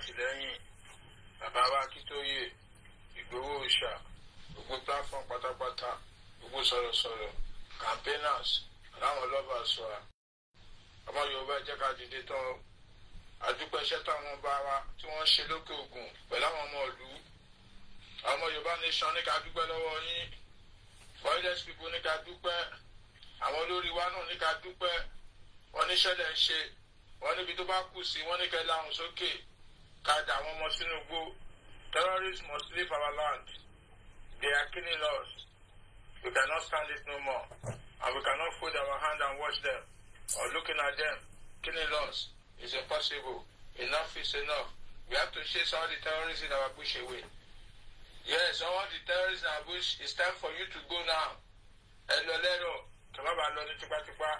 àtìlẹ́yìn bàbá wa Akíntóyè Ìgbòho Òòṣà gbogbo platform pátápátá gbogbo sọ̀rọ̀sọ̀rọ̀ campaigners láwọn lọ́ba sọ à ọmọ Yorùbá jẹ́ ká dìde tán adúpẹ́ṣẹ́ táwọn bá wa tí wọ́n ṣe lókè ògùn pẹ̀lú àwọn ọmọ ìlú ọmọ Yorùbá nation ní ká dúpẹ́ lọ́wọ́ yín foreigners people ní ká dúpẹ́ àwọn olórí wa náà ní ká dúpẹ́ wọ́n ní ṣẹlẹ̀ ń ṣe wọ́n níbi tó bá kù sí wọ́n ní kẹ́ láhùn sókè. Okay ká da àwọn ọmọ sínú igbó terrorists must leave our land they are killing us we cannot stand this no more and we cannot fold our hand and watch them or looking at them killing us is impossible enough is enough we have to chase all the terrorists in our bush away yes all the terrorists in our bush it's time for you to go now ẹ lọ lẹ́rọ̀ kí wọ́n bá lọ ní tipátipá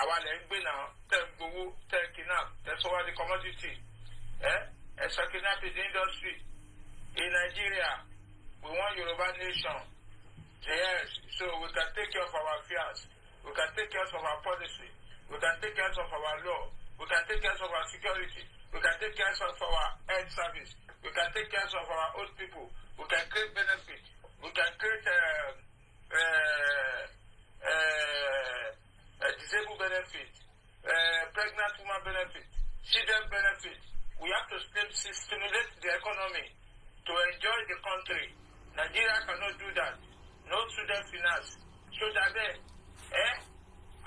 àwa lè ń gbé náà tẹ̀ ń gbowó tẹ̀ kidnap tẹ̀ sọ́wọ́ commodity Eh? ẹ̀sọ́ kidnap is industry in Nigeria we want Yoruba nation yes so we can take care of our affairs we can take care of our policy we can take care of our law we can take care of our security we can take care of our health service we can take care of our old people we can create benefit we can create uh, uh, uh, uh disabled benefit uh, pregnant woman benefit children benefit We have to stimulate the economy to enjoy the country. Nigeria cannot do that. No student finance. So bẹ́ẹ̀ ẹ́ eh?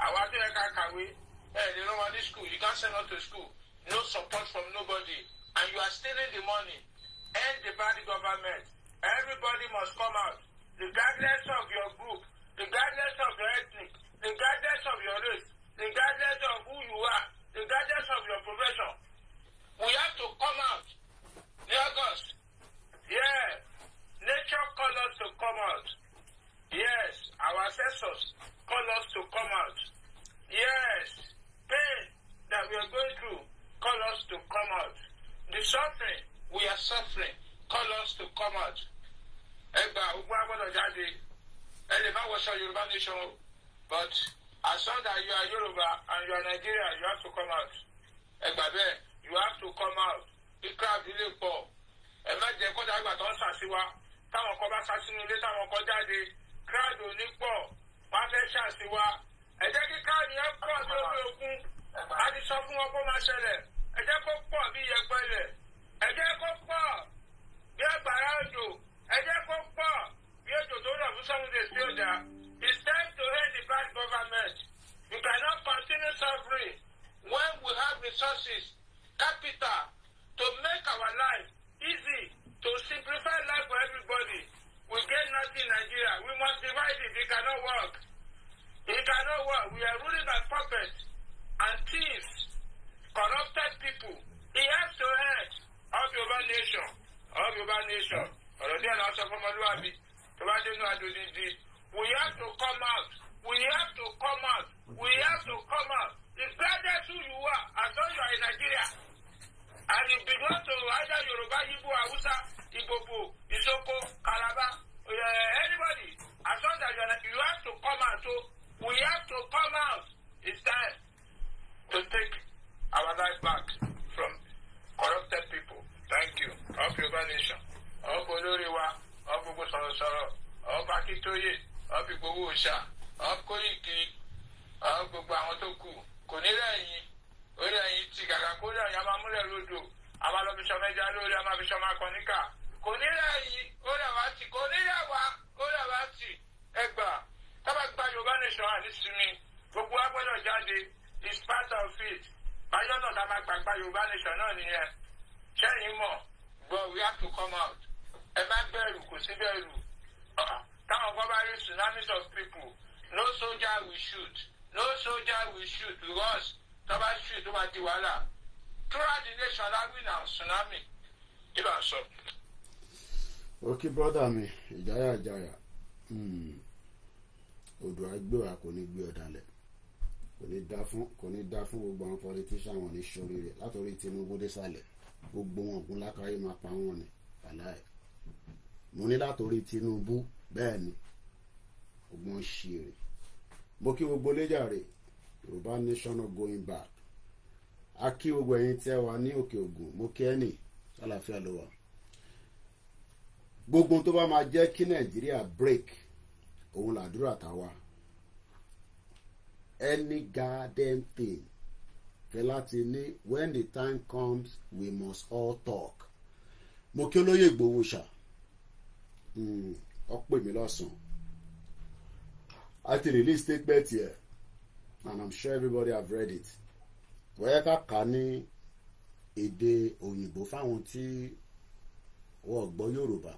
àwa tó yẹ ká kàwé ẹ̀ lè rán wa ní school you can't send us to school no support from nobody and you are stealing the money end the bad government everybody must come out regardless of your group regardless of your ethnic regardless of your race regardless of who you are regardless of your profession We have to come out. Lagos. Yeah. Nature called us to come out. Yes. Our ancestors call us to come out. Yes. Pain that we are going through called us to come out. The suffering we are suffering called us to come out. Ẹgbà gbogbo agbọ́dọ̀ jáde. Ẹ lè má wọṣọ Yorùbá nation o. But as long as you are Yoruba and you are Nigerian. you have to come out. Ẹgbà bẹ́ẹ̀ you have to come out ikú abúlé pọ̀ ẹ má jẹ́ kó dàgbà tó ń ṣàṣìwá táwọn kan bá ṣàṣìnú ilé táwọn kan jáde kíláàdì òní pọ̀ wọ́n fẹ́ ṣàṣìwá ẹ jẹ́ kí kíláàdì yẹn pọ̀ bí omi òkun a ti sọ fún wọn kó máa ṣẹlẹ̀ ẹ jẹ́ kó pọ̀ bí yẹpẹlẹ̀ ẹ jẹ́ kó pọ̀ bí àgbàrá òjò ẹ jẹ́ kó pọ̀ bí òjò tó rọ̀ fún sọ́mùdè sí ọjà it's time to end the bad government you cannot continue suffering when we have resources capital to make our life easy, to simplify life for everybody. We get nothing in Nigeria. We must divide it. It cannot work. It cannot work. We are ruling by puppets and thieves, corrupted people. It has to end of Yoruba nation. Of Yoruba nation. Ọ̀rọ̀ díẹ̀ náà sọ fún ọmọlúwàbí tó bá dé inú àdúgbò dídí. We have to come out. We have to come out. We have to come out. kí brother mi ìjáyà ìjáyà hmm, odò agbéwà kò ní gbé ọ̀dàlẹ̀ kò ní dá fún kò ní dá fún gbogbo àwọn politician wọn ní sori rẹ̀ látọ̀rí Tinubu désàlẹ̀ gbogbo wọn ògùn lákàáyé máa pa wọn ni aláì mo ní látọ̀rí Tinubu bẹ́ẹ̀ ni ògùn ṣì rè mo kí gbogbo léjà rè Yorùbá nation going back a kí gbogbo ẹ̀yin tẹ́ wà ní òkè ògùn mo kí ẹ́ nì sálàáfíà ló gbogbo tó bá máa jẹ́ kí nàìjíríà break òun làdúrà tàwa any goddamn thing Fẹlá ti ní when the time comes we must all talk mo kí olóyè Ìgbòho ṣá ọ hmm, pè mí lọ́sàn-án a release statement yẹ and i'm sure everybody have read it wọ́n ká kà á ní èdè òyìnbó fáwọn tí wọ́n gbọ́ Yorùbá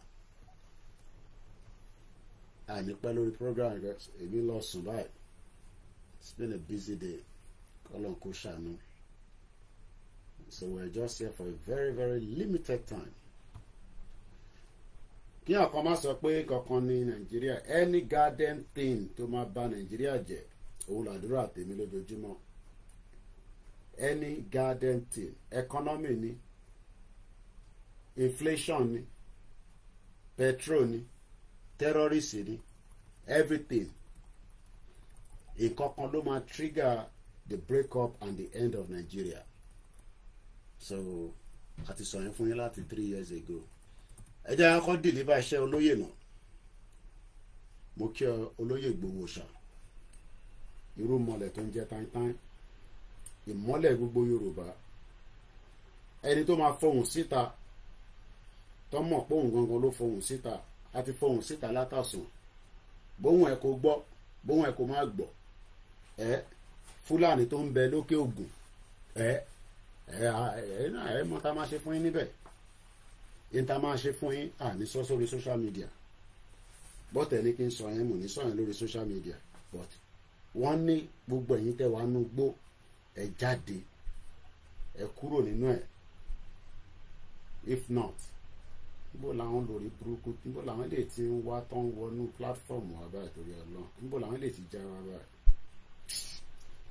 àìnípẹ́ lórí program rẹ èmi lọ sùn báyìí it's been a busy day kọ́lọ́n kó ṣàánú so we're just here for a very very limited time kí ọ̀kan má sọ pé kankan ní nàìjíríà any garden thing tó máa bà nàìjíríà jẹ́ òun làdúrà tèmi lójoojúmọ́ any garden thing economy ni inflation ni petrol ni terrorist ni everything nǹkan kan ló máa trigger the break up and the end of Nigeria so a ti sọ yẹn fún yín láti three years ago ẹ jẹ́ akọ́ deliver iṣẹ́ olóyè náà mo kí olóyè gbowó ṣá irú mọ̀lẹ̀ tó ń jẹ́ táńtán ìmọ́lẹ̀ gbogbo Yorùbá ẹni tó máa fọhùn síta tó mọ̀ pé òun gangan ló fọhùn síta àti fohùn síta látàsùn bóhùn ẹ̀ kò gbọ́ bóhùn ẹ̀ kò má gbọ́ ẹ fúlàní tó ń bẹ lókè ògùn ẹ ẹ ẹ náà ẹ mọ tá a máa ṣe fún yín níbẹ̀ yín tá máa ṣe fún yín àní sọ sórí social media bọ́tẹ̀ ní kí n sọ yẹn mò ní sọ yẹn lórí social media but wọ́n ní gbogbo ẹ̀yin tẹ́ wàá nú gbó ẹ jáde ẹ kúrò nínú ẹ̀ if not níbo làwọn lórí burúkú níbo làwọn lè ti ń wá tó ń wọnú platform wa báyìí torí ọlọ́run níbo làwọn lè ti já wa báyìí.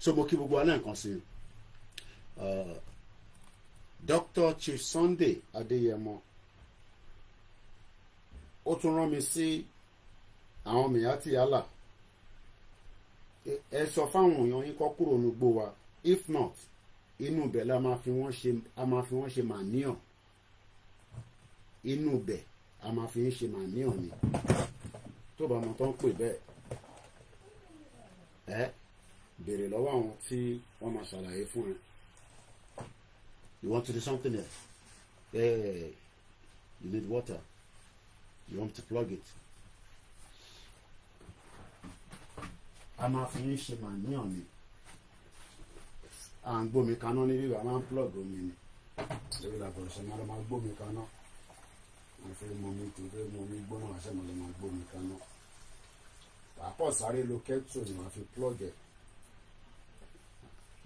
so mo kí gbogbo alẹ́ nǹkan sí i uh, Dr. Chief Sunday Adéyẹmọ ó tún rán mi sí àwọn Miyetti Allah ẹ sọ fáwọn èèyàn yín kọ́ kúrò nígbó wa if not inú ibẹ̀ la máa fi wọ́n ṣe manure inú bẹ̀ a máa fi ń ṣe màníàn ni tó bá mọ tó ń pè bẹ́ẹ̀ ẹ béèrè lọ́wọ́ àwọn tí wọ́n máa ṣàlàyé fún ẹ you want to do something else hey, you need water you want to plug it a máa fi ń ṣe màníàn ni à ń gbómi kaná níbí wa máa ń plug omi ni lórí làbọ̀rọ̀ ṣe máa ń gbómi kaná. mo fẹ́ mọmi ni fi plọ́ọ̀gẹ̀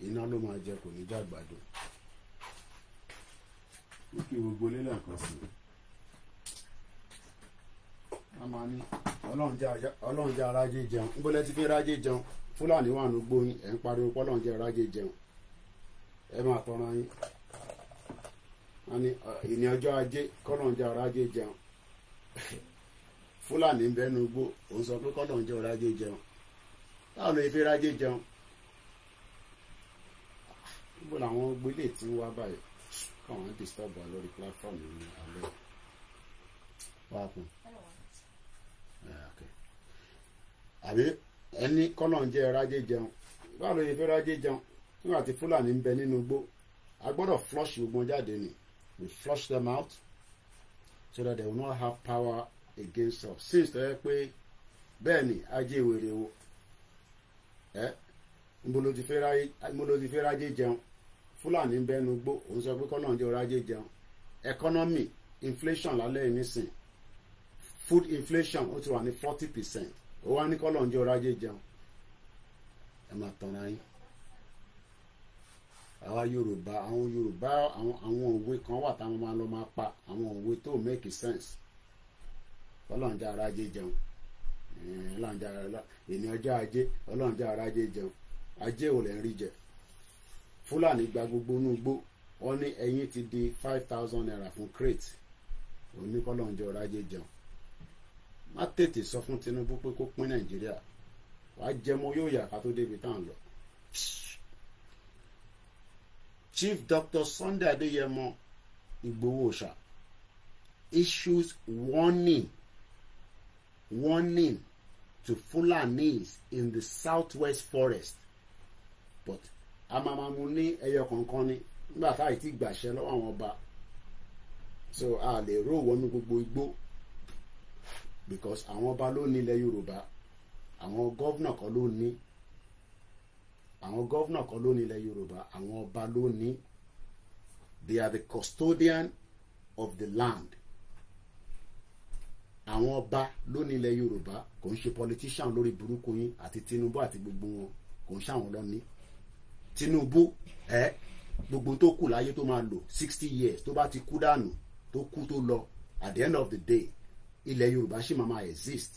iná ló máa jẹ kò ní jàgbàdo kí gbogbo lélẹ̀ kan sí a máa ní ọlọ́run jẹ́ jẹun ń ti fi ráyé jẹun fúlàní wà ní gbóyin ẹ̀ ń pariwo pọ́lọ́run jẹ́ jẹun ani ní ah, ìní ọjọ́ ajé kọ́lọ́njọ́ ọ̀rọ̀ ajé jẹun fúlàní bẹ́nu gbó òun sọ pé kọ́lọ́njọ́ ọ̀rọ̀ ajé jẹun táwọn èèyàn fi rájé jẹun níbo làwọn gbélé tí ń wá báyìí káwọn disturb wa lórí platform ní alẹ́ wàá kún àbí ẹni kọ́lọ́njẹ́ rájé jẹun báwo ló ṣe fẹ́ jẹun nígbà tí fúlàní ń bẹ a gbọ́dọ̀ flush gbogbo jáde nìyí we flush them out so that they will not have power against us since the yẹ pé bẹ́ẹ̀ ni ajé wèrè o ẹ mbolo ti fẹ́ rájé jẹun fúlàní ń bẹnu gbó òun sọ pé kọ́nà jẹ́ rájé jẹun economy inflation lálẹ́ nísìn food inflation ó ti wà ní forty percent ó wá ní kọ́nà jẹ́ rájé jẹun ẹ máa tanra yín àwa yorùbá àwọn yorùbá àwọn òwe kan wà táwọn máa lọ máa pa àwọn òwe tó make sense ọlọ́njà ara ajé jẹun ọlọ́njà ara ènìyàn ọjọ́ ajé ọlọ́njà ara ajé jẹun ajé ò lè rí jẹ fúlàní gba gbogbo inú igbó wọn ní ẹyin ti di five thousand naira fún crate oníkọlọ́njọ ọrọ̀ ajé jẹun má tètè sọ fún Tinubu pé kó pín Nàìjíríà wàá jẹmọ yóò yà ká tó débi tá à ń lọ. Chief Dr. Sunday Adeyemo Igbowosha issues warning warning to Fulanis in the southwest forest but amamamu ní ẹyọ kankan ni nígbà tá àìtí gbàṣẹ lọ́wọ́ àwọn ọba so a lè ró wọnú gbogbo igbó because àwọn ọba ló ní ilẹ̀ Yorùbá àwọn gọ́vnà kan ló ní àwọn gọ́vnà kan ló ní ilẹ̀ yorùbá àwọn ọba ló they are the custodian of the land àwọn ọba ló ní ilẹ̀ yorùbá kò ń ṣe politician lórí burúkú yín àti tinubu àti gbogbo wọn kò ń ṣàwọn lọ tinubu ẹ gbogbo tó kù láyé tó máa lò sixty years tó bá ti kú dànù tó kú tó lọ at the end of the day ilẹ̀ yorùbá ṣì máa máa exist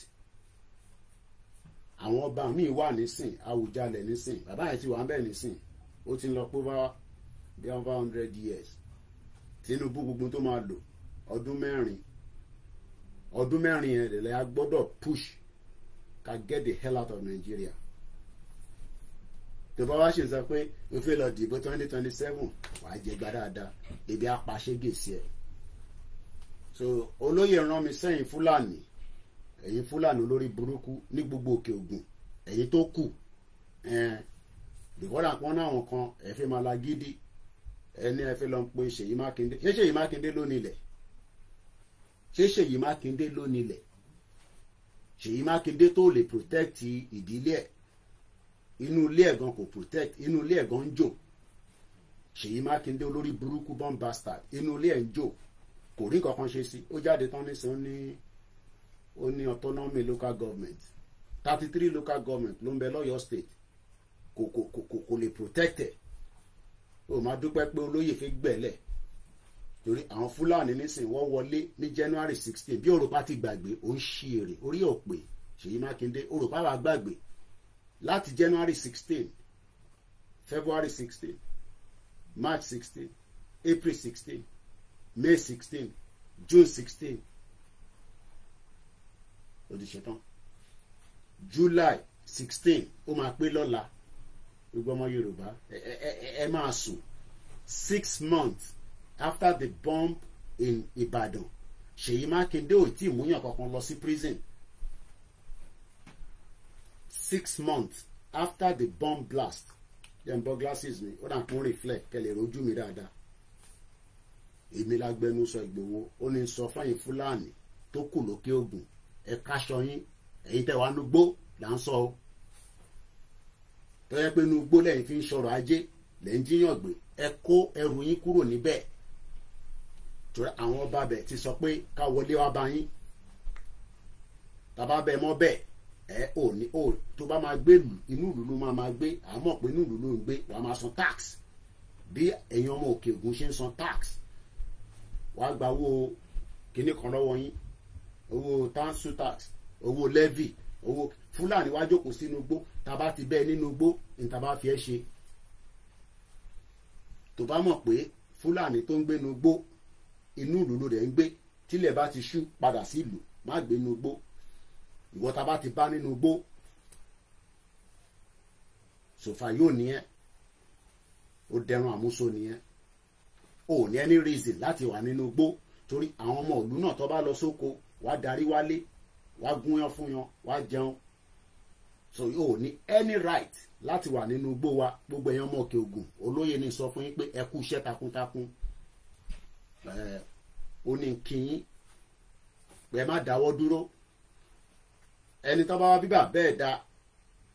àwọn ọba míì wà nísìn Awùjalẹ̀ nísìn bàbá yẹn ti wà ń bẹ̀ nísìn ó ti ń lọ pé báwa bí one hundred years Tinubu gbogbo tó máa lò ọdún mẹ́rin ọdún mẹ́rin yẹn rẹ̀ lẹ́yà gbọ́dọ̀ push ka get the hell out of Nigeria tó bá wá ṣe sọ pé o fẹ́ lọ dìbò twenty twenty seven wàá jẹ gbá dáadáa ebi apàṣẹ gèsè ẹ̀ so olóyè rán mi sẹ́yìn Fúlàní ẹ̀yin fúlàní olórí burúkú ní gbogbo òkè ògùn ẹ̀yin tó kù bìkọ́dà pọ́n náà wọn kan ẹ fẹ́ máa la gidi ẹni ẹ fẹ́ lọ pe Ṣèyí Mákindé ṣé Ṣèyí Mákindé ló nílẹ̀ ṣé Ṣèyí Mákindé ló nílẹ̀ Ṣèyí Mákindé tó lè protect ìdílé ẹ̀ inú ilé ẹ̀gan kò protect inú ilé ẹ̀gan ń jò Ṣèyí Mákindé olórí burúkú bomb bastard inú ilé ẹ̀ ń jò kò rí kankan ṣe sí ó jáde tán nísìnyí ní ó ní autonomy local government thirty three local government ló ń bẹ lọ́yọ̀ọ́ state kò kò kò kò lè protect ẹ̀ o máa dúpẹ́ pé olóyè fi gbẹ̀lẹ̀ torí àwọn fúlàní nísìnyí wọ́n wọlé ní january sixteen bí òrùpá ti gbàgbé ó ń ṣí èrè orí òpè ṣèyí mákindé òrùpá wà gbàgbé láti january sixteen february sixteen march sixteen april sixteen may sixteen june sixteen ó ti July sixteen ó máa pé lọ́la gbogbo ọmọ Yorùbá ẹ máa sùn six months after the bomb in Ibadan Ṣèyí Mákindé ò tí ì múyàn kankan lọ sí prison six months after the bomb blast dem bọ glasses mi ó dà kún reflect kẹlẹ rojú mi dáadáa èmi lágbẹnusọ Ìgbòho ó ní sọ fáyín Fúlàní tó kù lókè Ògùn ẹ káṣọ yín ẹ̀yin tẹ́ wàá nugbó là ń sọ o tọ́jà pé nugbó lẹ́yìn fi ń sọ̀rọ̀ ajé lẹ́yìn jíyàn gbé ẹ kó ẹrù yín kúrò níbẹ̀ torí àwọn ọba bẹ̀ ti sọ pé ká wọlé wá bá yín tàbá bẹ mọ́ bẹ́ẹ̀ ẹ ò ní ò tó bá máa gbé inú ìlú ló máa máa gbé àmọ́ pé inú ìlú ló ń gbé wàá máa san tax bí ẹ̀yin ọmọ Òkè Ògùn ṣe ń san tax wàá gba owó kíní kan lọ́wọ́ yín owó tansu tax owó levy owó fúlàní wá jókòó sínú igbó tàbá ti bẹ́ẹ̀ nínú igbó ní tàbá fi ẹ́ ṣe tó bá mọ̀ pé fúlàní tó ń gbé nu igbó inú ìlú ló rẹ̀ ń gbé tílẹ̀ bá ti ṣú padà sí ìlú má gbé nu igbó ìwọ tàbá ti bá nínú igbó sòfà yóò nìyẹn ó dẹrun àmúso nìyẹn ò ní any reason láti wà nínú igbó torí àwọn ọmọ ìlú náà tó bá lọ sóko wàá darí wálé wàá gúnyán fún yan wàá jẹun so yóò ní any right láti wà nínú igbó wa gbogbo èèyàn mọ̀ kí ogun olóyè ní sọ fún yín pé ẹ kú iṣẹ́ takuntakun eh, ó ní kíyín pé ẹ má dáwọ́ dúró ẹni tó bá wá bíbà bẹ́ẹ̀ da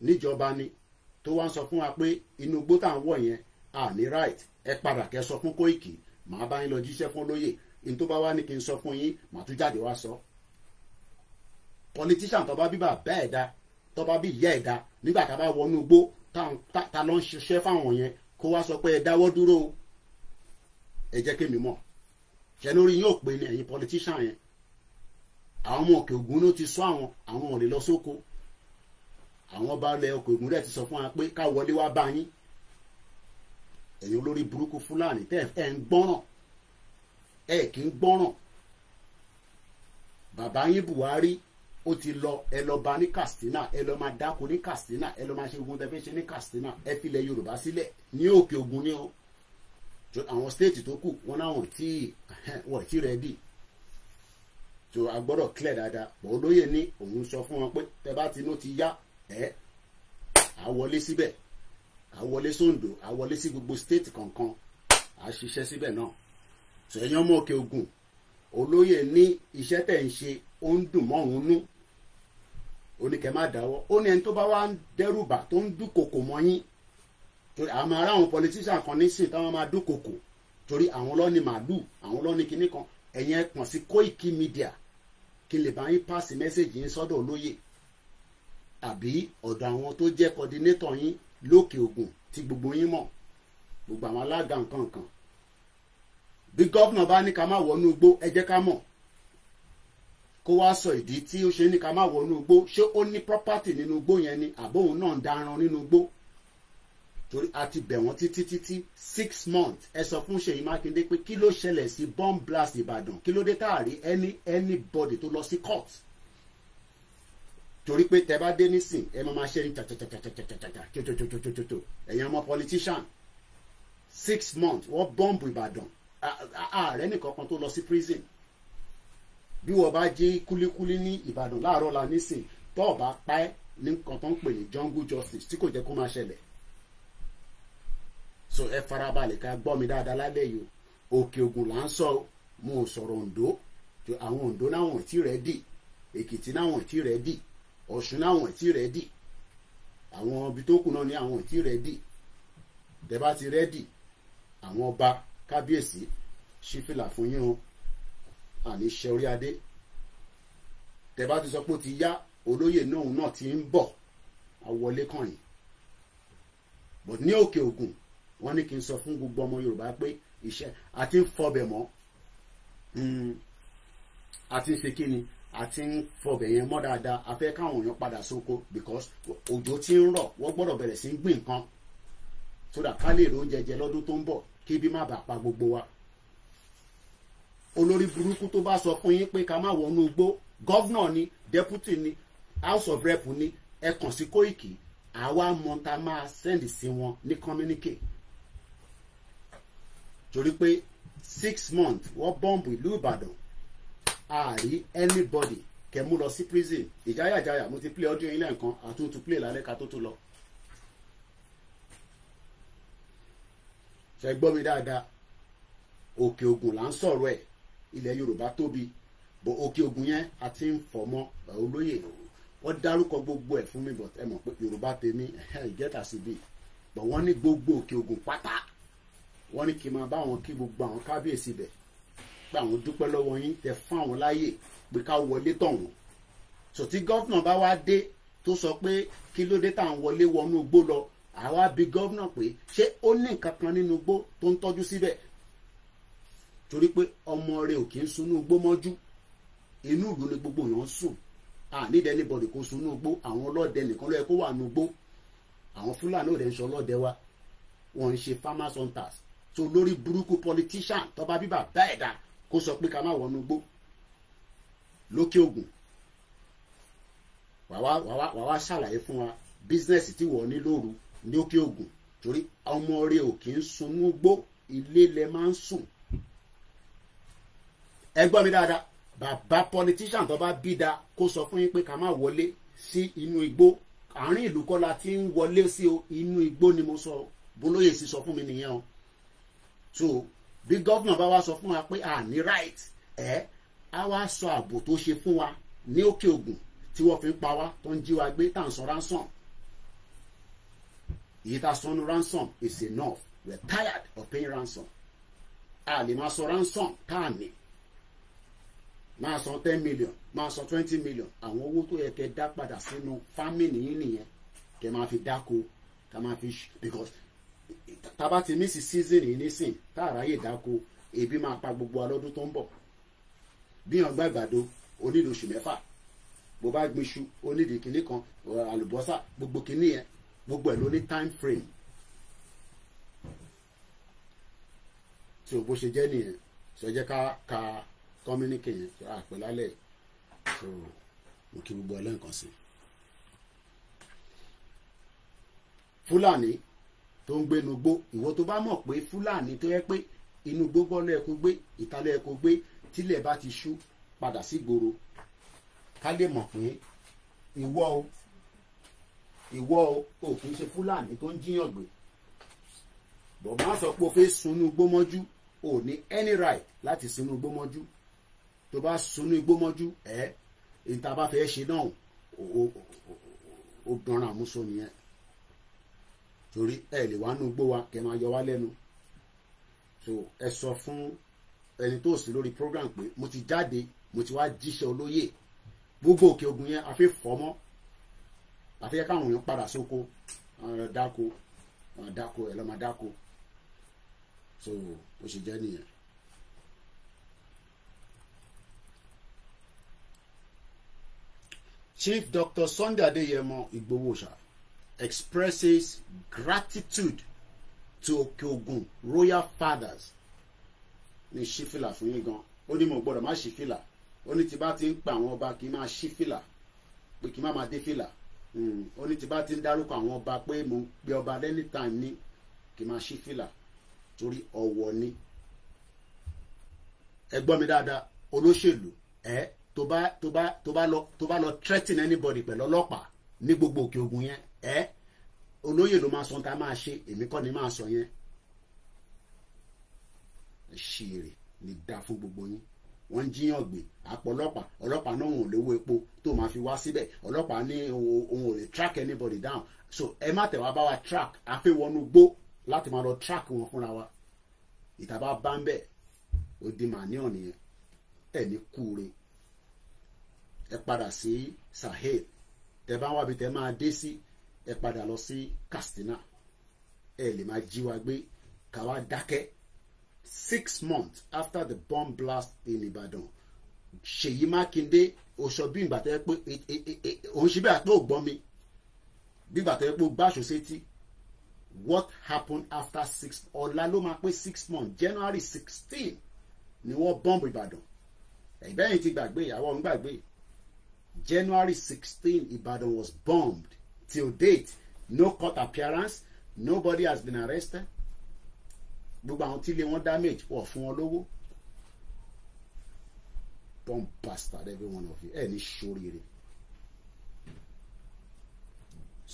níjọba ni tó wá ń sọ fún wa pé inú igbó tá à ń wọ̀ yẹn à ní right ẹ padà kẹ́ sọ fún Kóìkì màá bá yín lọ jíṣẹ́ fún olóyè ní tó bá wá ní kí n sọ fún yín màá tún jáde wá sọ. So politician tó bá bí bàbá ẹ̀ dá tó bá bí ìyá ẹ̀ dá nígbà tá a bá wọnú igbó ta ló ń ṣiṣẹ́ fáwọn yẹn kó wá sọ pé ẹ dáwọ́ dúró ẹ jẹ́ kémi mọ̀ ṣẹ́nórí yóò pè ní ẹ̀yin politician yẹn àwọn ọmọ òkè ògùn ló ti sọ àwọn àwọn ò lè lọ sóko àwọn ọba ilẹ̀ òkè ògùn rẹ̀ ti sọ fún wa pé ká wọlé wá bá yín ẹ̀yin olórí burúkú fúlàní tẹ́ ẹ̀ ń gbọ́ràn ẹ̀ kì í gbọ́ràn bàbá yín Buhari ó ti lọ ẹ lọ bá ní Katsina ẹ lọ máa dáko ní Katsina ẹ lọ máa ṣe ogun tẹfẹ ṣe ní Katsina ẹ filẹ̀ Yorùbá sílẹ̀ ní òkè ogun ní o àwọn stéètì tó kù wọn náwọn tí wọn ti rẹ dì so a gbọ́dọ̀ clear dáadáa bọ olóyè ní òun sọ fún wọn pé tẹ bá tinú ti yá ẹ à wọlé síbẹ̀ à wọlé sóńdò à wọlé sí gbogbo stéètì kọ̀ọ̀kan à ṣiṣẹ́ síbẹ̀ náà sọ ẹ̀yin ọmọ òkè ogun olóyè ní iṣẹ́ tẹ̀ ń ṣe ó ń dùn mọ́ òun nú ó ní kẹ́ má dáwọ́ ó ní ẹni tó bá wá ń dẹ́rùbà tó ń dúnkokò mọ́ yín torí àwọn máa ráwọn politician kan nísìn táwọn máa dúnkokò torí àwọn ló màálù àwọn ló kinní kan ẹ̀yin ẹ pọ̀n sí Koiki Media kí lè bá yín pàṣẹ mẹ́sẹ̀gì yín sọ́dọ̀ olóyè àbí ọ̀dọ̀ àwọn tó jẹ́ kọ́dínétọ̀ yín lókè ògùn tí gbogbo yín mọ̀ gbogbo àwọn alága nǹkan nǹkan bí gómìnà bá ní ká má wọnú igbó ẹ jẹ́ ká mọ̀ kó wá sọ ìdí tí ó ṣe ní ká má wọnú igbó ṣé ó ní property nínú igbó yẹn ni àbóhùn náà ń daran nínú igbó torí a ti bẹ̀ wọ́n títí títí six months ẹ sọ fún Ṣèyí Mákindé pé kí ló ṣẹlẹ̀ sí bomb blast Ìbàdàn kí ló dé táàrí any anybody tó lọ sí court torí pé tẹ bá dé nísìn ẹ máa ma ṣe ní tàtàtàtàtàtàtà tòtòtòtòtòtò ẹ̀yin ọmọ politician six months wọ́n bọ́ǹbù Ìbàdàn ààrẹ nìkan kan tó lọ sí prison bí wọ́n bá jí kúlíkúlí ní ìbàdàn láàárọ̀ la nísìn tó ọba pa ẹ́ ní nǹkan tó ń pè ní jungle justice tí kò jẹ́ kó máa ṣẹlẹ̀ so ẹ farabalẹ̀ ká gbọ́ mi dáadáa lálẹ́ yìí o òkè ògùn là ń sọ mo sọ̀rọ̀ Oǹdó àwọn Oǹdó náwọn ẹ̀ tí rẹ̀ dì Èkìtì náwọn ẹ̀ tí rẹ̀ dì Ọ̀ṣun náwọn ẹ̀ tí rẹ̀ àwọn ibi náà ní àwọn ẹ̀ tí rẹ̀ dì bá ti rẹ̀ dì àwọn ọba kábíyèsí ṣí fìlà fún yín o àní ṣe orí adé tẹ́ bá ti sọ pé ó ti yá olóyè náà náà ti ń bọ̀ àwọlé kàn yín but ní òkè ògùn wọ́n ní kí n sọ fún gbogbo ọmọ yorùbá pé iṣẹ́ àti ń fọbẹ̀ mọ́ àti hmm, ń ṣe kí ni àti ń fọbẹ̀ yẹn mọ́ dáadáa a káwọn èèyàn padà sóko because òjò ti ń rọ̀ wọ́n gbọ́dọ̀ bẹ̀rẹ̀ sí ń gbìn nǹkan so that ká lè rí oúnjẹ jẹ lọ́dún tó ń bọ̀ kí ibi má bàa pa gbogbo wa olórí burúkú tó bá sọ fún yín pé ká má wọnú igbó gọ́vnà ni dẹ́pútì ni house of rep ni ẹ kàn sí Kóìkì àwa mọ máa sẹ́ndì sí wọn ní communique torí pé six months wọ́n bọ́ǹbù ìlú Ìbàdàn àárí anybody kẹ́ mú lọ sí prison ìjáyàjáyà mo ti play ọdún yín lẹ́ẹ̀kan àtúntò play lálẹ́ ká tó tó lọ. ṣe gbọ́ mi dáadáa òkè ògùn là ń sọ̀rọ̀ ẹ̀ ilẹ̀ yorùbá tóbi bò òkè ògùn yẹn àti ń fọ̀mọ́ olóyè wọ́n dárúkọ gbogbo ẹ̀ fún mi bọ̀ ẹ mọ̀ pé yorùbá tèmi ìjẹ́ta sí bí bọ̀ wọ́n ní gbogbo òkè ògùn pátá wọ́n ní kí n máa bá wọn kí gbogbo àwọn kábíyèsí bẹ̀ pé àwọn dúpẹ́ lọ́wọ́ yín tẹ fún àwọn láàyè pé ká wọlé tọ̀hún sòtí gọ́fìnà bá wá dé tó sọ pé kí ló dé tá à ń wọlé wọnú igbó lọ àwa bi gọ́vnà pé ṣé ó ní nǹkan kan nínú igbó tó ń tọ́jú síbẹ̀ torí pé ọmọ rẹ ò kì í sunú igbó mọ́jú inú ìlú ni gbogbo èèyàn sùn à need anybody kó sunú igbó àwọn ọlọ́dẹ nìkan ló yẹ kó wà nú igbó àwọn fúlàní ò dẹ̀ ń ṣe ọlọ́dẹ wa wọ́n ń ṣe farmers hunters tó lórí burúkú politician tọba bíbà bá ẹ̀dá kó sọ pé ká má wọnú igbó lókè ògùn wàá wàá wàá ṣàlàyé fún wa bísínẹ́sì tí wọ́n ní lóru ní òkè ògùn torí ọmọ rẹ ò kì í sunú gbó ilé lẹ máa ń sùn ẹ gbọ́ mi dáadáa bàbá politician tó bá bí da kó sọ fún yín pé ká má wọlé sí inú igbó àárín ìlú kọ́la tí ń wọlé sí inú igbó ni mo sọ bolóyè sì sọ fún mi nìyẹn o so bí gọ́vnà bá wá sọ fún wa pé a ní right ẹ á wá sọ ààbò tó ṣe fún wa ní òkè ògùn tí wọ́n fi ń pa wá tó ń jí wa gbé tá à ń sọ ránṣàn èyí tá a ransom is enough we are tired of paying ransom a lè máa sọ ransom tá a ní máa san ten million máa san twenty million àwọn owó tó yẹ kẹ́ dá padà sínú family yín nìyẹn kẹ́ máa fi dáko ká máa fi because tába ti mí season yìí nísìn tá àráyè dáko ebi máa pa gbogbo alọ́dún tó ń bọ̀ bíyàn gbá àgbàdo onídìí oṣù mẹ́fà bó bá gbin iṣu onídìí kìnní kan àlùbọ́sà gbogbo kìnní yẹn gbogbo ẹ̀ ló ní time frame tí o bó ṣe jẹ́ nìyẹn ṣe jẹ́ ká ka kọ́míníkì yẹn àpè lálẹ́ so mo kí gbogbo ẹ lẹ́ǹkan sí. fúlàní tó ń gbé inú gbó ìwọ tó bá mọ̀ pé fúlàní tó yẹ pé inú gbó bọ́lẹ̀ ẹ̀kọ́ gbé ìtàlẹ̀ ẹ̀kọ́ gbé tílẹ̀ bá ti ṣú padà sí gbòòrò ká lè mọ̀ pé ìwọ o ìwọ o kì í ṣe fúlàní tó ń jíyàn gbé bọ̀ má sọ pé o fẹ́ sunú gbómọ́jú o ní any right láti sunú gbómọ́jú tó bá sunú gbómọ́jú ẹ ìta bá fẹ́ ṣe náà o dánra àmúso nìyẹn torí ẹ lè wá nú gbó wa kẹ máa yọ wá lẹ́nu so ẹ sọ fún ẹni tó sì lórí program pé mo ti jáde mo ti wá jíṣẹ́ olóyè gbogbo òkè ogun yẹn a fẹ́ fọ́ mọ́ àfihàn káwọn èèyàn padà sóko dáko dáko ẹ lọ́ọ́ dáko so ó ṣe jẹ́ nìyẹn. Chief Dr. Sunday Adeyemo Igbowosha expresses gratitude to Òkè royal fathers ní sífìlà fún yín gan ó ní mo gbọ́dọ̀ má sífìlà ó ní tí bá ti ń pa àwọn ọba kì í máa sífìlà pé kì í má máa dé fìlà Hmm. ó ní tí bá ti ń dárúkọ àwọn ọba pé mo ń pe ọba anytime ní kì í máa ṣí fìlà torí ọ̀wọ̀ ni ẹ mi dáadáa olóṣèlú ẹ tó bá tó bá tó bá lọ threatening anybody pẹ̀lú ọlọ́pàá ní gbogbo òkè ogun yẹn ẹ olóyè ló máa sọ tá a máa ṣe èmi kọ́ ni máa sọ yẹn ṣèrè ní dá fún gbogbo yín wọ́n ń jíyàn gbé àpò ọlọ́pàá ọlọ́pàá náà wọn ò lówó epo tó máa fi wá síbẹ̀ ọlọ́pàá ní òun ò lè track anybody down so ẹ má tẹ̀ wá bá wa track àfẹ́wọnú gbó láti máa lọ track wọn fúnra wa ìtàbá bá ń bẹ̀ ó di màníọ̀ nìyẹn ẹ̀ ní kúure ẹ padà sí Sahel tẹ bá wà bí tẹ máa dé sí ẹ padà lọ sí Katsina ẹ lè máa jí wa gbé ká wá dákẹ́ six months after the bomb blast in Ibadan Ṣèyí Mákindé oṣù bí ìgbà tó ato pé e, e, e, òun ṣe bẹ́ẹ̀ pé ò what happened after six ọ̀la ló máa pé six months January sixteen ni wọ́n bọ́ǹbù Ìbàdàn ẹ̀bẹ́yìn ti gbàgbé ìyàwó ọ̀hún gbàgbé January sixteen Ìbàdàn was bombed till date no court appearance nobody has been arrested gbogbo àwọn tí ilé wọn damage wọ̀ fún wọn lówó bomb bastard every one of you ẹ ní ṣoríire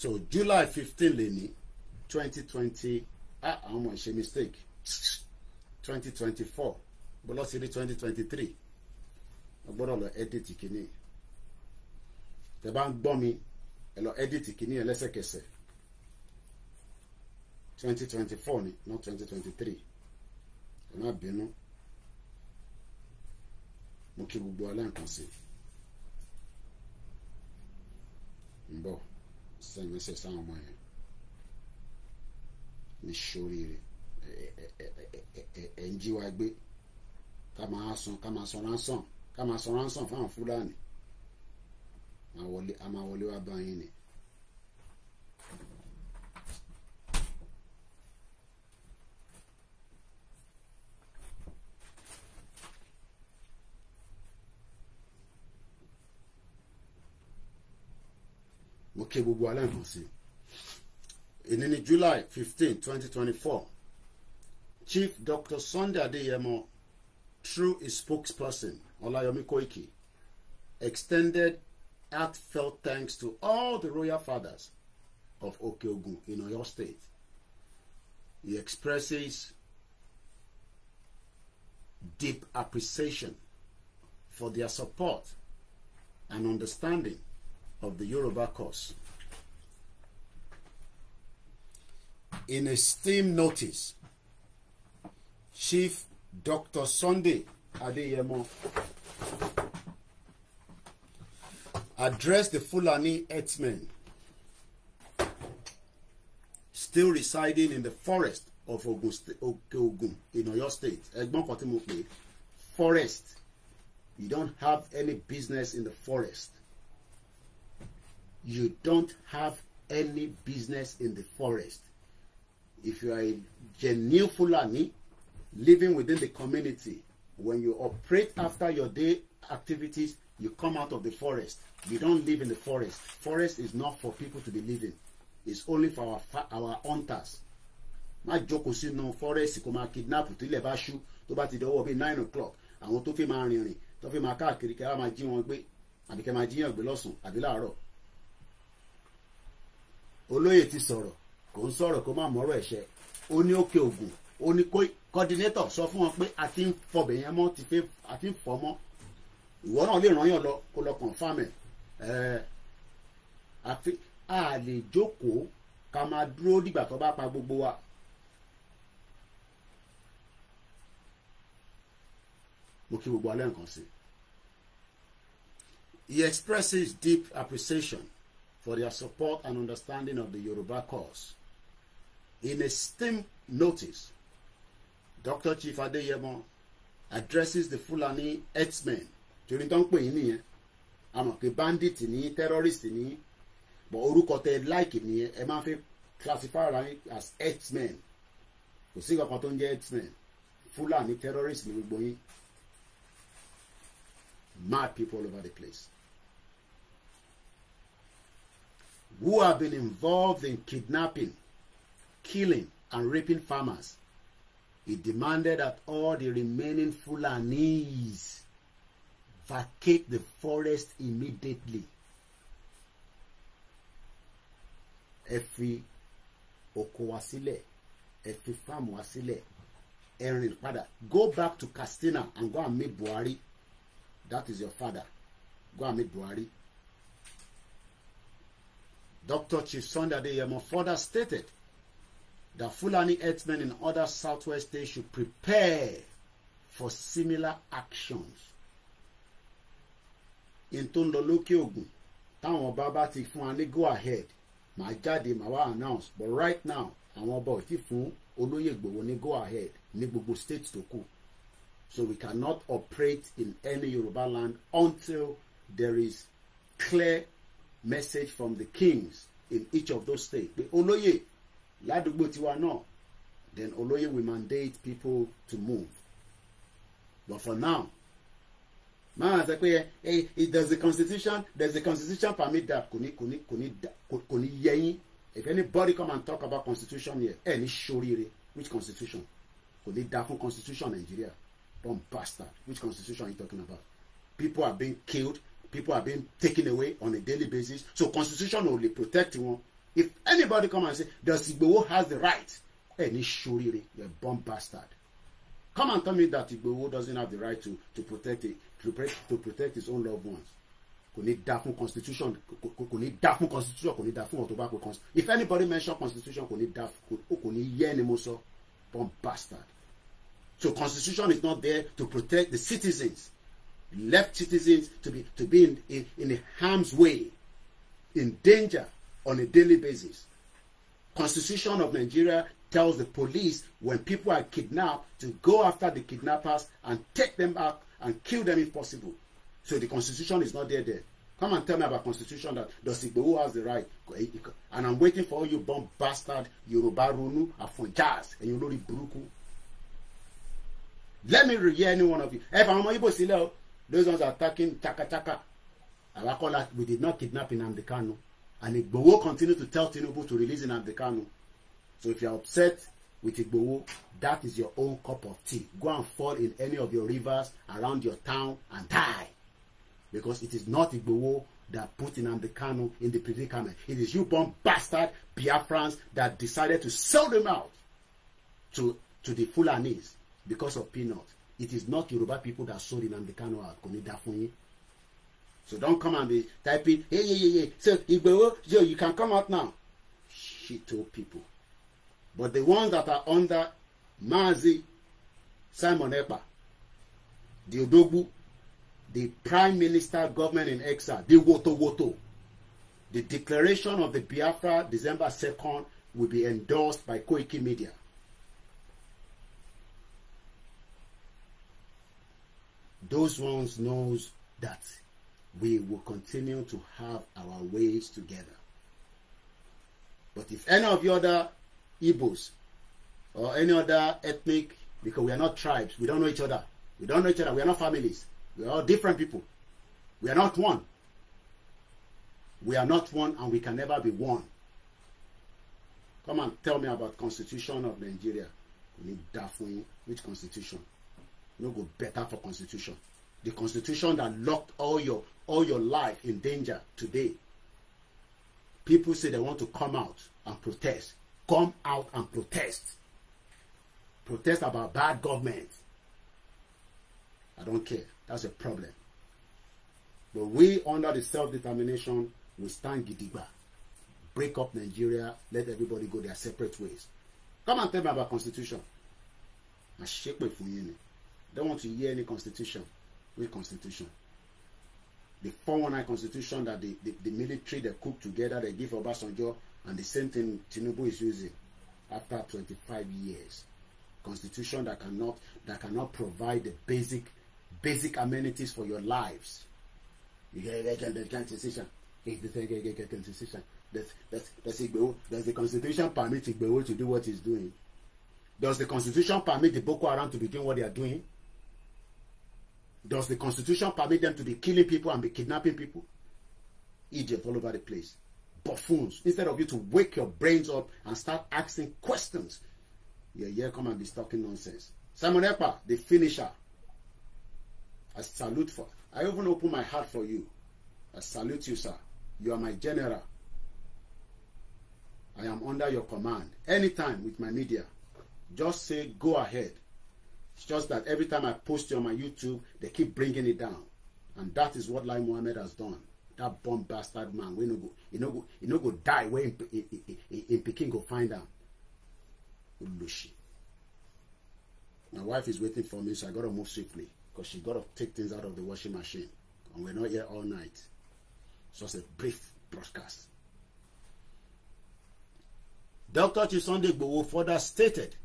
so July fifteen lè twenty twenty ah àwọn ọmọ ìṣe mistake twenty twenty four bọ́lá sí rí twenty twenty three ọgbọ́dọ̀ lọ edit kìíní tẹ bá ń gbọ́ mi ẹ lọ edit kìíní ẹ lẹ́sẹ̀kẹsẹ̀ twenty twenty four ni not twenty twenty three ẹ má bínú mo kí gbogbo aláǹkan sí ń bọ̀ send message sáwọn ọmọ yẹn ní sóríire ẹ ń jí wa gbé ká máa san ká máa san ránṣàn ká máa san ránṣàn fáwọn fúlàní a máa wọlé wá bá yín ni pé gbogbo alẹ́ sí èní ni July 15, 2024, Chief Dr. Sunday Adeyemo through a spokesperson Olayomi Koiki extended heartfelt thanks to all the royal fathers of Okeogun in Oyo State. He expresses deep appreciation for their support and understanding of the Yoruba cause. In a steam notice, Chief Dr. Sunday Adeyemo addressed the Fulani herdsmen still residing in the forest of Ogun, Ogun in Oyo State. Ẹ̀gbọ́n kan tí mo pè forest. You don't have any business in the forest. You don't have any business in the forest if you are a genuine Fulani living within the community, when you operate after your day activities, you come out of the forest. You don't live in the forest. Forest is not for people to be living. It's only for our our hunters. Má jókòó sínú forest kó máa kidnap tó ilẹ̀ bá ṣú tó bá ti dọwọ́ bíi nine o'clock àwọn tó fi máa rìnrìn tó fi máa káàkiri kẹ́ ẹ máa jí wọn gbé àbí kẹ́ máa jíyàn gbé lọ́sùn àbí láàárọ̀. Olóyè ti sọ̀rọ̀ kò ń sọ̀rọ̀ kó má mọ́rọ̀ ẹ̀ṣẹ̀ ó ní òkè ògùn ó ní kọ́dínétọ̀ sọ fún wọn pé a ti ń fọbẹ̀ yẹn mọ́ ti fẹ́ a ti ń fọ mọ́ ìwọ náà lè rányàn lọ kó lọ confirm ẹ̀ àfi a lè jókòó ká máa dúró dìgbà tó bá pa gbogbo wa. mo kí gbogbo alẹ́ nǹkan sí. He expresses deep appreciation for their support and understanding of the Yoruba cause. In a STEM notice, Dr. Chief Adeyemo addresses the Fulani herdsmen torí tó ń pè yín nìyẹn a mọ̀ pé bandit ní terrorist ní but orúkọ tẹ like nìyẹn ẹ máa fi classify ara yín as herdsmen kò sí kankan tó ń jẹ́ herdsmen Fulani terrorist ni gbogbo yín mad people all over the place who have been involved in kidnapping killing and raping farmers. He demanded that all the remaining Fulanis vacate the forest immediately. Ẹ fi oko wa sílẹ̀, ẹ fi fáàmù wa Go back to Castina and go and meet Buhari. That is your father. Go and meet Buhari. Dr. Chief Sunday Adeyemo father, stated that Fulani herdsmen in other southwest states should prepare for similar actions. in tó ń lọ lókè ògùn táwọn ọba go ahead My daddy, my wife announced, but right now àwọn ọba ò tí fún go ahead ní gbogbo state tó kù so we cannot operate in any Yoruba land until there is clear message from the kings in each of those states pé olóyè ládùúgbò tiwa náà then olóyè will mandate people to move but for now máa sọ pé ẹ eh, eh, there's a constitution there's a constitution permit that kò ní kò ní kò ní kò ní yẹyin if anybody come and talk about constitution here ẹ ní ṣoríire which constitution kò ní dá fún constitution Nigeria don bastard which constitution are you talking about people are being killed people are being taken away on a daily basis so constitution only lè protect wọn if anybody come and say does Igboho has the right ẹni ṣoríire you are born bastard come and tell me that Igboho doesn't have the right to to protect a, to, to protect his own loved ones kò ní dá fún constitution kò ní dá fún constitution kò ní dá fún ọ̀tọ̀bá constitution if anybody mention constitution kò ní dá kò ní yẹ ni mo sọ born bastard so constitution is not there to protect the citizens left citizens to be to be in in, in harm's way in danger on a daily basis. Constitution of Nigeria tells the police when people are kidnapped to go after the kidnappers and take them back and kill them if possible. So the constitution is not there there. Come and tell me about constitution that does it. Who has the right. And I'm waiting for all you bomb bastard Yoruba Runu Afonjas and you know the bruku. Let me hear any one of you. If I'm Igbo Sileo, those ones are attacking Chaka Chaka. that we did not kidnap the Kanu. And Igbowo continued to tell Tinubu to release Nnamdi Kanu. So if you are upset with Igbowo, that is your own cup of tea. Go and fall in any of your rivers around your town and die. Because it is not Igbowo that put Nnamdi Kanu in the predicament. It is you born bastard Biafrans that decided to sell them out to, to the Fulanese because of peanuts. It is not Yoruba people that sold in Kanu out. Kò ní dá fún So don't come and be typing, hey, yeah, yeah, yeah. So if we Igbo, yo, you can come out now. She told people. But the ones that are under Mazi, Simon Epa, the Odogwu, the Prime Minister government in exile, the Woto Woto, the declaration of the Biafra December 2nd will be endorsed by Koiki Media. Those ones knows that we will continue to have our ways together. But if any of the other Igbos or any other ethnic, because we are not tribes, we don't know each other, we don't know each other, we are not families, we are all different people, we are not one. We are not one and we can never be one. Come and tell me about constitution of Nigeria. We need that which constitution? No go better for constitution the constitution that locked all your all your life in danger today. People say they want to come out and protest. Come out and protest. Protest about bad government. I don't care. That's a problem. But we, under the self-determination, we stand Gidigba. Break up Nigeria. Let everybody go their separate ways. Come and tell me about constitution. I shake my phone. Don't want to hear any constitution. Constitution, The 419 constitution that the, the, the military they cook together, they give Obasanjo, and the same thing Tinubu is using after 25 years. Constitution that cannot that cannot provide the basic basic amenities for your lives. You get the constitution. Does, does, does, Igbewo, does the constitution permit Igbewo to do what he's doing? Does the constitution permit the Boko Haram to be doing what they are doing? Does the Constitution permit them to be killing people and be kidnapping people? Egypt all over the place. Buffoons. Instead of you to wake your brains up and start asking questions, you're here come and be talking nonsense. Simon Epa, the finisher. I salute for. I even open my heart for you. I salute you, sir. You are my general. I am under your command. Anytime with my media, just say go ahead. It's just that every time I post it on my YouTube, they keep bringing it down. And that is what Lai Mohammed has done. That bomb bastard man, we no go, he no go, he no go die where in, in, in, in Peking go find out. Lucy. My wife is waiting for me, so I gotta move swiftly because she gotta take things out of the washing machine. And we're not here all night. So it's a brief broadcast. Dr. Chisonde Gbowo further stated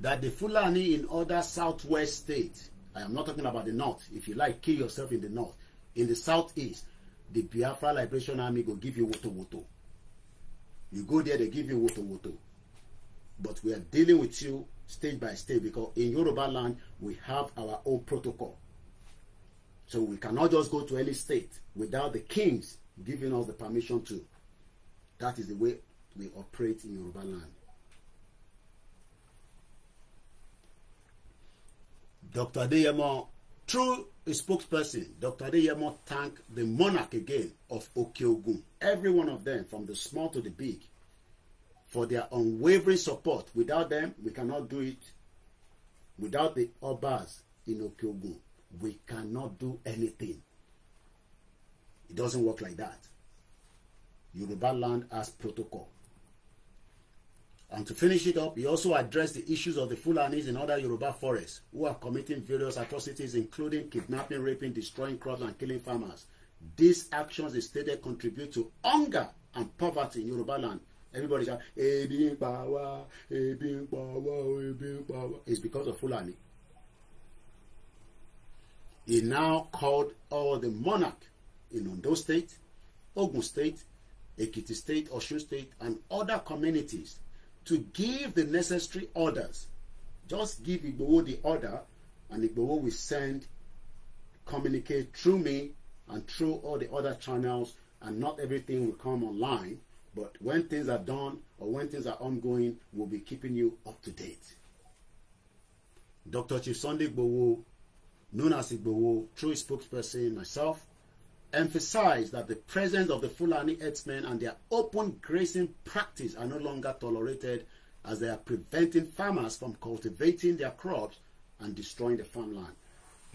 that the Fulani in other southwest states, I am not talking about the north, if you like, kill yourself in the north, in the southeast, the Biafra Liberation Army go give you woto woto. You go there, they give you woto woto. But we are dealing with you state by state because in Yoruba land, we have our own protocol. So we cannot just go to any state without the kings giving us the permission to. That is the way we operate in Yoruba land. Dr. Adeyemo, through a spokesperson, Dr. Adeyemo thanked the monarch again of Okeogun, every one of them, from the small to the big, for their unwavering support. Without them, we cannot do it. Without the Obas in Okeogun, we cannot do anything. It doesn't work like that. Yoruba land has protocol. And to finish it up, he also addressed the issues of the Fulanis in other Yoruba forests who are committing various atrocities, including kidnapping, raping, destroying crops, and killing farmers. These actions, he stated, contribute to hunger and poverty in Yoruba land. Everybody shout, Bawa, Bawa, Bawa. It's because of Fulani. He now called all the monarch in Ondo State, Ogun State, Ekiti State, Osun State, and other communities to give the necessary orders. Just give Igbowo the order, and Igbowo will send, communicate through me and through all the other channels, and not everything will come online. But when things are done or when things are ongoing, we'll be keeping you up to date. Dr. Chief Sunday Igbowo, known as Igbowo, true spokesperson, myself, emphasized that the presence of the Fulani herdsmen and their open grazing practice are no longer tolerated as they are preventing farmers from cultivating their crops and destroying the farmland.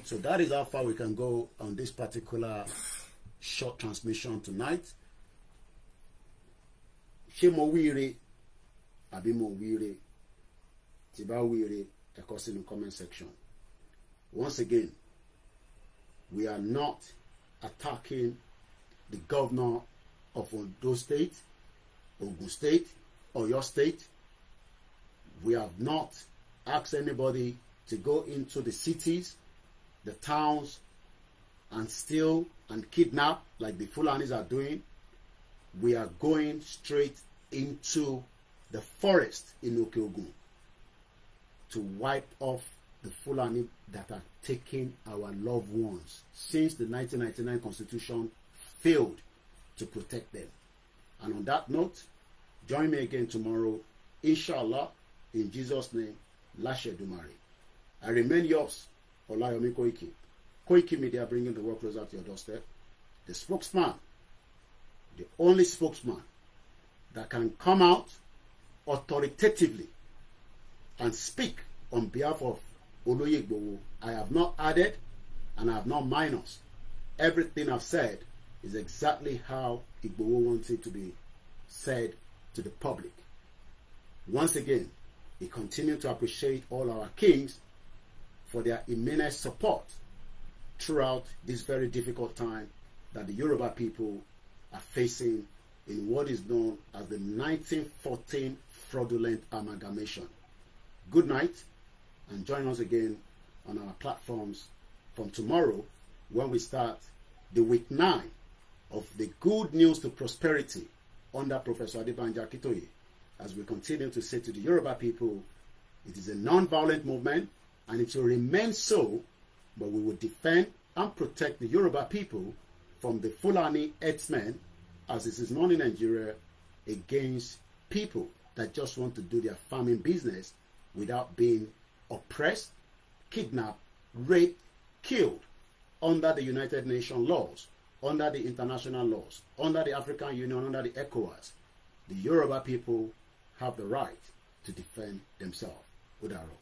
So that is how far we can go on this particular short transmission tonight. ṣé mo wíire àbí mo wíire tí comment section. Once again, we are not attacking the governor of Odo State, Ogun State, or your State. We have not asked anybody to go into the cities, the towns, and steal and kidnap like the Fulanis are doing. We are going straight into the forest in Okeogun to wipe off the Fulani that are taking our loved ones since the 1999 Constitution failed to protect them. And on that note, join me again tomorrow, inshallah, in Jesus' name, Lashe Dumari. I remain yours, Olayomi Koiki. Koiki Media bringing the world closer to your doorstep. The spokesman, the only spokesman that can come out authoritatively and speak on behalf of Oloye I have not added and I have not minus. Everything I've said is exactly how Igboho wants it to be said to the public. Once again, we continue to appreciate all our kings for their immense support throughout this very difficult time that the Yoruba people are facing in what is known as the 1914 fraudulent amalgamation. Good night and join us again on our platforms from tomorrow when we start the week nine of the good news to prosperity under Professor Adibanja Kitoye as we continue to say to the Yoruba people, it is a non-violent movement and it will remain so, but we will defend and protect the Yoruba people from the Fulani headsmen, as it is known in Nigeria, against people that just want to do their farming business without being oppressed, kidnapped, raped, killed under the United Nations laws, under the international laws, under the African Union, under the ECOWAS, the Yoruba people have the right to defend themselves. Udaro.